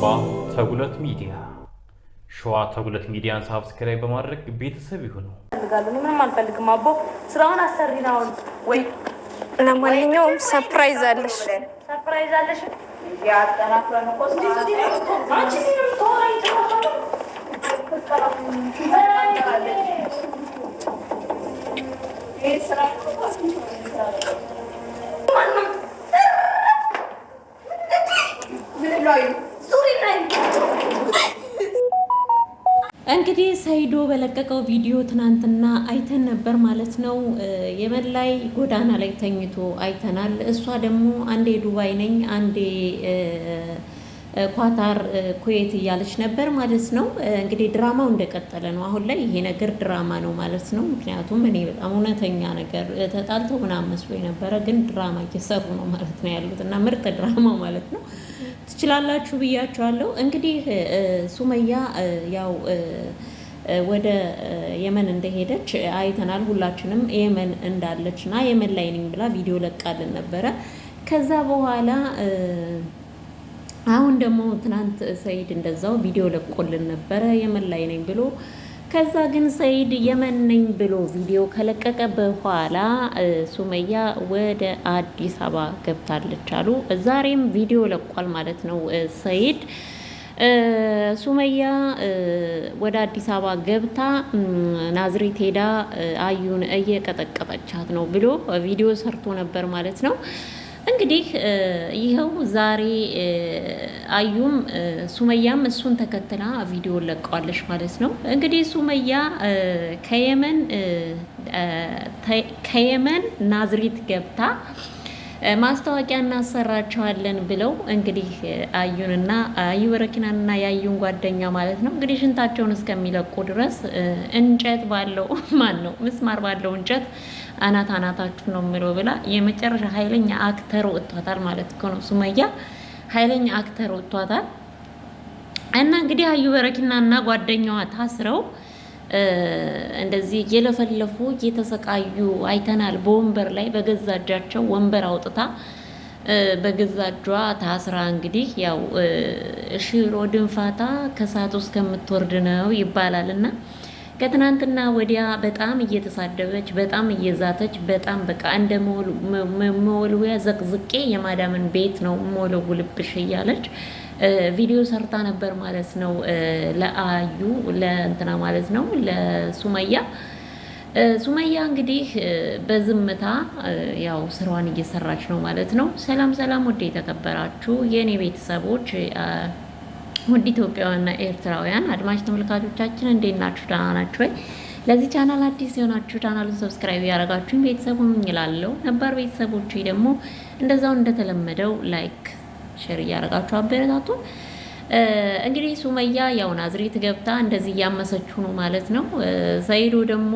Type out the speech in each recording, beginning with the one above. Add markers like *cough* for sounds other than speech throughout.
አባ ተጉለት ሚዲያ ሸዋ ተጉለት ሚዲያን ሳብስክራይብ በማድረግ ቤተሰብ ይሁኑ። ምንም አልፈልግም። አቦ ስራውን አሰሪ ነው ወይ? ለማንኛውም ሰርፕራይዝ አለሽ፣ ሰርፕራይዝ አለሽ። ያጠናክረን እንግዲህ ሰይዶ በለቀቀው ቪዲዮ ትናንትና አይተን ነበር ማለት ነው። የመን ላይ ጎዳና ላይ ተኝቶ አይተናል። እሷ ደግሞ አንዴ ዱባይ ነኝ፣ አንዴ ኳታር፣ ኩዌት እያለች ነበር ማለት ነው። እንግዲህ ድራማው እንደቀጠለ ነው። አሁን ላይ ይሄ ነገር ድራማ ነው ማለት ነው። ምክንያቱም እኔ በጣም እውነተኛ ነገር ተጣልተው ምናምን መስሎ የነበረ ግን ድራማ እየሰሩ ነው ማለት ነው ያሉት እና ምርጥ ድራማ ማለት ነው። ትችላላችሁ ብያችኋለሁ። እንግዲህ ሱመያ ያው ወደ የመን እንደሄደች አይተናል። ሁላችንም የመን እንዳለች እና የመን ላይ ነኝ ብላ ቪዲዮ ለቃልን ነበረ። ከዛ በኋላ አሁን ደግሞ ትናንት ሰይድ እንደዛው ቪዲዮ ለቆልን ነበረ የመን ላይ ነኝ ብሎ ከዛ ግን ሰይድ የመን ነኝ ብሎ ቪዲዮ ከለቀቀ በኋላ ሱመያ ወደ አዲስ አበባ ገብታለች አሉ። ዛሬም ቪዲዮ ለቋል ማለት ነው። ሰይድ ሱመያ ወደ አዲስ አበባ ገብታ ናዝሬት ሄዳ አዩን እየቀጠቀጠቻት ነው ብሎ ቪዲዮ ሰርቶ ነበር ማለት ነው። እንግዲህ ይኸው ዛሬ አዩም ሱመያም እሱን ተከትላ ቪዲዮ ለቀዋለች ማለት ነው። እንግዲህ ሱመያ ከየመን ከየመን ናዝሪት ገብታ ማስታወቂያ እናሰራቸዋለን ብለው እንግዲህ አዩንና አዩ በረኪናንና የአዩን ጓደኛ ማለት ነው እንግዲህ ሽንታቸውን እስከሚለቁ ድረስ እንጨት ባለው *laughs* ማን ነው ምስማር ባለው እንጨት አናት አናታችሁ ነው የሚለው ብላ የመጨረሻ ኃይለኛ አክተር ወጥቷታል ማለት ነው። ሱመያ ኃይለኛ አክተር ወጥቷታል እና እንግዲህ አዩ በረኪናና ጓደኛዋ ታስረው እንደዚህ እየለፈለፉ እየተሰቃዩ አይተናል። በወንበር ላይ በገዛ እጃቸው ወንበር አውጥታ በገዛ እጇ ታስራ እንግዲህ ያው ሽሮ ድንፋታ ውስጥ ከምትወርድ ነው ይባላል እና ከትናንትና ወዲያ በጣም እየተሳደበች በጣም እየዛተች በጣም በቃ እንደ መወልወያ ዘቅዝቄ የማዳምን ቤት ነው መወለውልብሽ እያለች ቪዲዮ ሰርታ ነበር ማለት ነው። ለአዩ ለእንትና ማለት ነው ለሱመያ ሱመያ እንግዲህ በዝምታ ያው ስራዋን እየሰራች ነው ማለት ነው። ሰላም ሰላም፣ ውድ የተከበራችሁ የእኔ ቤተሰቦች ውድ ኢትዮጵያውያንና ኤርትራውያን አድማጭ ተመልካቾቻችን እንዴት ናችሁ? ደህና ናችሁ ወይ? ለዚህ ቻናል አዲስ የሆናችሁ ቻናሉን ሰብስክራይብ ያደረጋችሁኝ ቤተሰቡን እኝላለሁ። ነባር ቤተሰቦች ደግሞ እንደዛው እንደተለመደው ላይክ፣ ሼር እያደረጋችሁ አበረታቱ። እንግዲህ ሱመያ ያው ናዝሬት ገብታ እንደዚህ እያመሰችሁ ነው ማለት ነው። ሰይዶ ደግሞ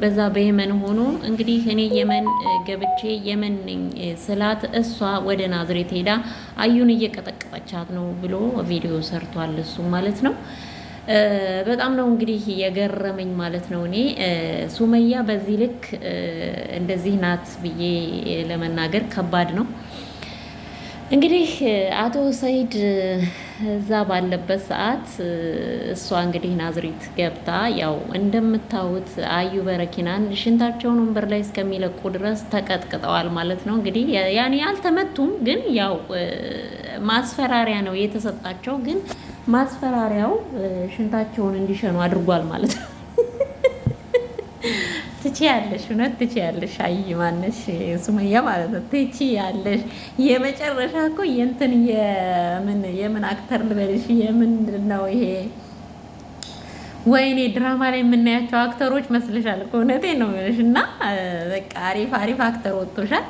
በዛ በየመን ሆኖ እንግዲህ እኔ የመን ገብቼ የመን ነኝ ስላት እሷ ወደ ናዝሬት ሄዳ አዩን እየቀጠቀጠቻት ነው ብሎ ቪዲዮ ሰርቷል። እሱ ማለት ነው። በጣም ነው እንግዲህ የገረመኝ ማለት ነው። እኔ ሱመያ በዚህ ልክ እንደዚህ ናት ብዬ ለመናገር ከባድ ነው። እንግዲህ አቶ ሰይድ እዛ ባለበት ሰዓት እሷ እንግዲህ ናዝሪት ገብታ ያው እንደምታዩት አዩ በረኪናን ሽንታቸውን ወንበር ላይ እስከሚለቁ ድረስ ተቀጥቅጠዋል ማለት ነው። እንግዲህ ያኔ አልተመቱም፣ ግን ያው ማስፈራሪያ ነው የተሰጣቸው። ግን ማስፈራሪያው ሽንታቸውን እንዲሸኑ አድርጓል ማለት ነው። ትችያለሽ፣ እውነት ትችያለሽ። አይ ማነሽ ሱመያ ማለት ነው ትችያለሽ። የመጨረሻ እኮ የእንትን የምን የምን አክተር ልበልሽ የምንድን ነው ይሄ? ወይኔ ድራማ ላይ የምናያቸው አክተሮች መስልሻል። እውነቴን ነው የምልሽ። እና በቃ አሪፍ አሪፍ አክተር ወጥቶሻል።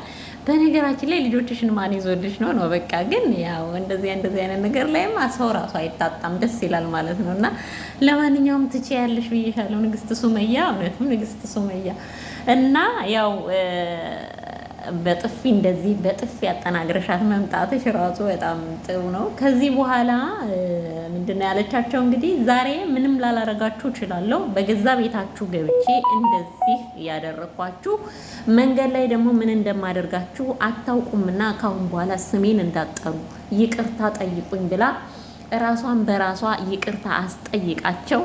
በነገራችን ላይ ልጆችሽን ማን ይዞልሽ ነው ነው በቃ ግን ያው እንደዚህ እንደዚህ አይነት ነገር ላይማ ሰው ራሱ አይጣጣም፣ ደስ ይላል ማለት ነው። እና ለማንኛውም ያለሽ ብዬሻለሁ ንግስት ሱመያ፣ እውነትም ንግስት ሱመያ እና ያው በጥፊ እንደዚህ በጥፊ አጠናግረሻት መምጣትሽ ራሱ በጣም ጥሩ ነው። ከዚህ በኋላ ምንድን ነው ያለቻቸው? እንግዲህ ዛሬ ምንም ላላረጋችሁ እችላለሁ፣ በገዛ ቤታችሁ ገብቼ እንደዚህ ያደረኳችሁ፣ መንገድ ላይ ደግሞ ምን እንደማደርጋችሁ አታውቁምና ካሁን በኋላ ስሜን እንዳጠሩ ይቅርታ ጠይቁኝ ብላ እራሷን በራሷ ይቅርታ አስጠይቃቸው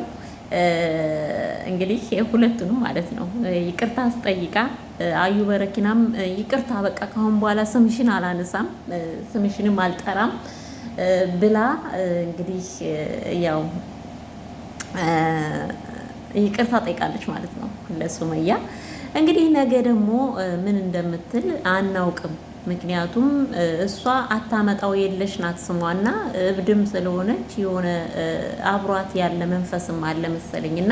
እንግዲህ ሁለቱንም ማለት ነው ይቅርታ አስጠይቃ አዩ በረኪናም ይቅርታ በቃ ካሁን በኋላ ስምሽን አላነሳም ስምሽንም አልጠራም ብላ እንግዲህ ያው ይቅርታ ጠይቃለች ማለት ነው ለሱመያ። እንግዲህ ነገ ደግሞ ምን እንደምትል አናውቅም። ምክንያቱም እሷ አታመጣው የለሽ ናት ስሟና እብድም ስለሆነች የሆነ አብሯት ያለ መንፈስም አለ መሰለኝ እና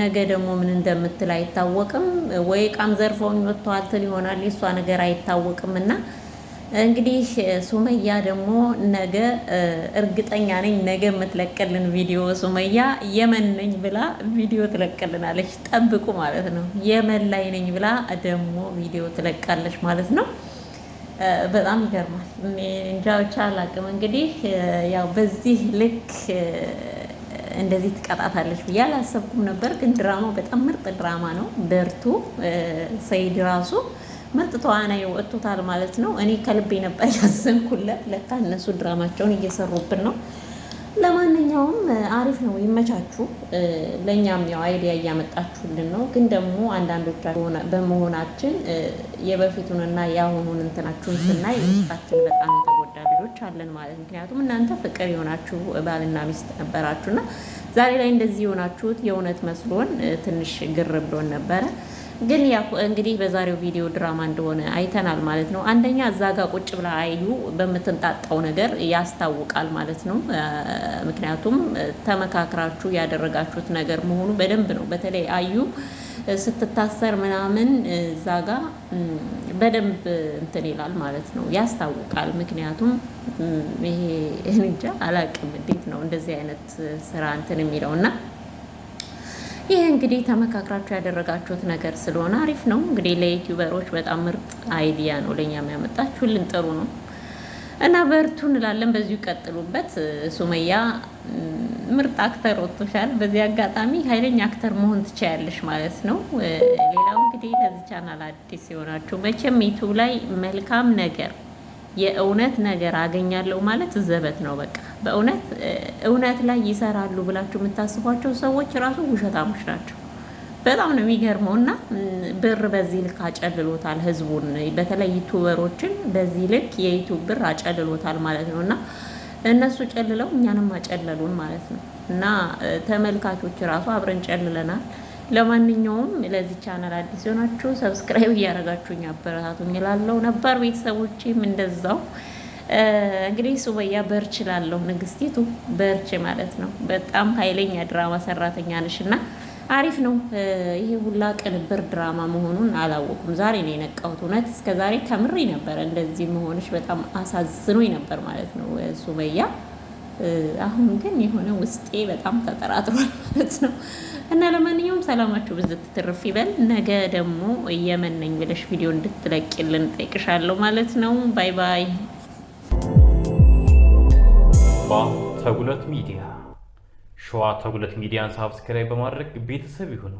ነገ ደግሞ ምን እንደምትል አይታወቅም። ወይ ቃም ዘርፈውኝ ወጥተዋል ትል ይሆናል። የእሷ ነገር አይታወቅም እና እንግዲህ ሱመያ ደግሞ ነገ እርግጠኛ ነኝ ነገ የምትለቅልን ቪዲዮ ሱመያ የመን ነኝ ብላ ቪዲዮ ትለቅልናለች። ጠብቁ ማለት ነው። የመን ላይ ነኝ ብላ ደግሞ ቪዲዮ ትለቃለች ማለት ነው። በጣም ይገርማል። እንጃ ብቻ አላቅም። እንግዲህ ያው በዚህ ልክ እንደዚህ ትቀጣታለች ብዬ አላሰብኩም ነበር። ግን ድራማው በጣም ምርጥ ድራማ ነው። በርቱ ሰይድ ራሱ ምርጥ ተዋናይ ወጥቶታል ማለት ነው። እኔ ከልቤ ነበር ያዘንኩለት። ለካ እነሱ ድራማቸውን እየሰሩብን ነው። ለማንኛውም አሪፍ ነው፣ ይመቻችሁ። ለእኛም ያው አይዲያ እያመጣችሁልን ነው። ግን ደግሞ አንዳንዶቻችሁ በመሆናችን የበፊቱንና የአሁኑን እንትናችሁን ስናይ ውስጣችን በጣም የተጎዳ ልጆች አለን ማለት ምክንያቱም እናንተ ፍቅር የሆናችሁ ባልና ሚስት ነበራችሁና ዛሬ ላይ እንደዚህ የሆናችሁት የእውነት መስሎን ትንሽ ግር ብሎን ነበረ። ግን ያው እንግዲህ በዛሬው ቪዲዮ ድራማ እንደሆነ አይተናል ማለት ነው። አንደኛ እዛ ጋር ቁጭ ብላ አዩ በምትንጣጣው ነገር ያስታውቃል ማለት ነው። ምክንያቱም ተመካክራችሁ ያደረጋችሁት ነገር መሆኑ በደንብ ነው። በተለይ አዩ ስትታሰር ምናምን እዛ ጋር በደንብ እንትን ይላል ማለት ነው፣ ያስታውቃል። ምክንያቱም ይሄ እንጃ አላቅም እንዴት ነው እንደዚህ አይነት ስራ እንትን የሚለው እና ይህ እንግዲህ ተመካክራችሁ ያደረጋችሁት ነገር ስለሆነ አሪፍ ነው። እንግዲህ ለዩቲዩበሮች በጣም ምርጥ አይዲያ ነው፣ ለእኛ የሚያመጣችሁልን ጥሩ ነው እና በርቱ እንላለን። በዚሁ ቀጥሉበት። ሱመያ ምርጥ አክተር ወጥቶሻል። በዚህ አጋጣሚ ኃይለኛ አክተር መሆን ትችያለሽ ማለት ነው። ሌላው እንግዲህ ለዚህ ቻናል አዲስ የሆናችሁ መቼም ዩቱብ ላይ መልካም ነገር የእውነት ነገር አገኛለሁ ማለት ዘበት ነው። በቃ በእውነት እውነት ላይ ይሰራሉ ብላችሁ የምታስቧቸው ሰዎች ራሱ ውሸታሞች ናቸው። በጣም ነው የሚገርመው። እና ብር በዚህ ልክ አጨልሎታል ህዝቡን፣ በተለይ ዩቱበሮችን በዚህ ልክ የዩቱብ ብር አጨልሎታል ማለት ነው እና እነሱ ጨልለው እኛንም አጨለሉን ማለት ነው እና ተመልካቾች ራሱ አብረን ጨልለናል። ለማንኛውም ለዚህ ቻናል አዲስ የሆናችሁ ሰብስክራይብ እያደረጋችሁኝ አበረታቱኝ እላለሁ። ነባር ቤተሰቦቼም እንደዛው እንግዲህ ሱመያ በርች እላለሁ። ንግስቲቱ በርች ማለት ነው። በጣም ኃይለኛ ድራማ ሰራተኛ ነሽ እና አሪፍ ነው። ይሄ ሁላ ቅንብር ድራማ መሆኑን አላወቁም። ዛሬ ነው የነቃሁት። እውነት እስከ ዛሬ ተምሬ ነበረ። እንደዚህ መሆንሽ በጣም አሳዝኖኝ ነበር ማለት ነው ሱመያ። አሁን ግን የሆነ ውስጤ በጣም ተጠራጥሯል ማለት ነው። እና ለማንኛውም ሰላማችሁ ብዝት ትርፍ ይበል። ነገ ደግሞ የመነኝ ብለሽ ቪዲዮ እንድትለቂልን ጠይቅሻለሁ ማለት ነው። ባይ ባይ። ተጉለት ሚዲያ ሸዋ ተጉለት ሚዲያን ሳብስክራይብ በማድረግ ቤተሰብ ይሁኑ።